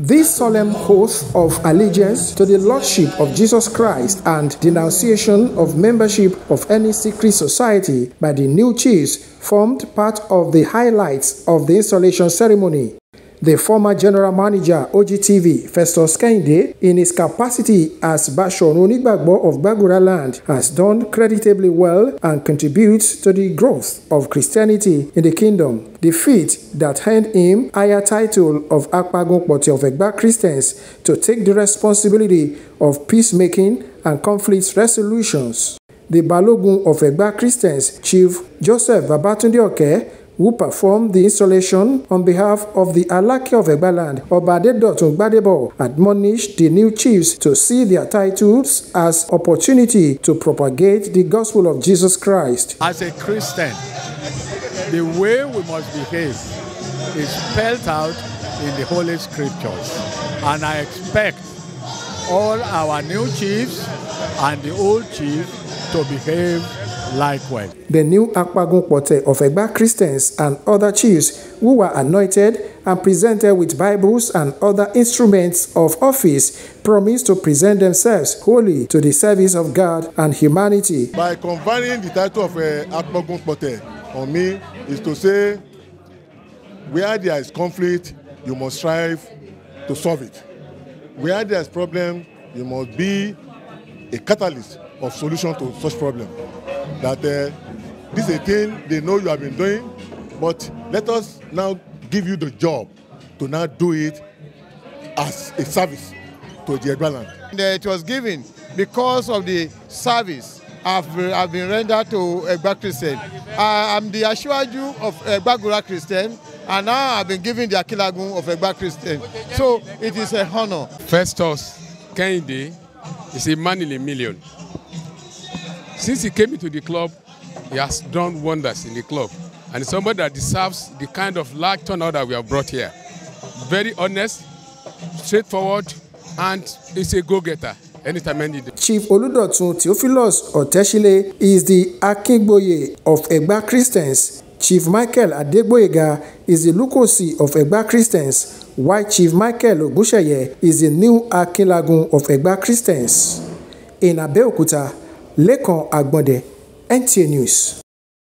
This solemn oath of allegiance to the Lordship of Jesus Christ and denunciation of membership of any secret society by the new chiefs formed part of the highlights of the installation ceremony. The former general manager OGTV, Festus Kehinde, in his capacity as Bashorun Onigbagbo of Bagura land, has done creditably well and contributes to the growth of Christianity in the kingdom. The feat that earned him higher title of Akpagunpoti of Egba Christians to take the responsibility of peacemaking and conflict resolutions. The Balogun of Egba Christians, Chief Joseph Babatunde Oke, who performed the installation on behalf of the Alake of Egbaland, Obadedotun Gbadebo, admonished the new chiefs to see their titles as opportunity to propagate the gospel of Jesus Christ. As a Christian, the way we must behave is spelled out in the Holy Scriptures. And I expect all our new chiefs and the old chiefs to behave Likewise. The new Akpagunpote of Egba Christians and other chiefs who were anointed and presented with Bibles and other instruments of office promised to present themselves wholly to the service of God and humanity. By conferring the title of uh, eh, Akpagunpote on me is to say where there is conflict, you must strive to solve it. Where there is problem, you must be a catalyst of solution to such problem that uh, this is a thing they know you have been doing, but let us now give you the job to now do it as a service to the And, uh, it was given because of the service I've, I've been rendered to Egba Christian. I, I'm the Ashwaju of Egbagura Christian, and now I've been given the Akilagun of Egba Christian. So it is a honor. Festus Kennedy is a man in a million since he came into the club, he has done wonders in the club. And somebody that deserves the kind of large turnout that we have brought here. Very honest, straightforward, and he's a go-getter. anytime any day. Chief Oludotun Theophilus Oteshile is the Akingboye of Egba Christians. Chief Michael Adegboyega is the Lukosi of Egba Christians, while Chief Michael Ogunseye is the new Akinlagun of Egba Christians. In Abeokuta, lẹ́kàn àgbọ̀ndẹ̀ NTA News.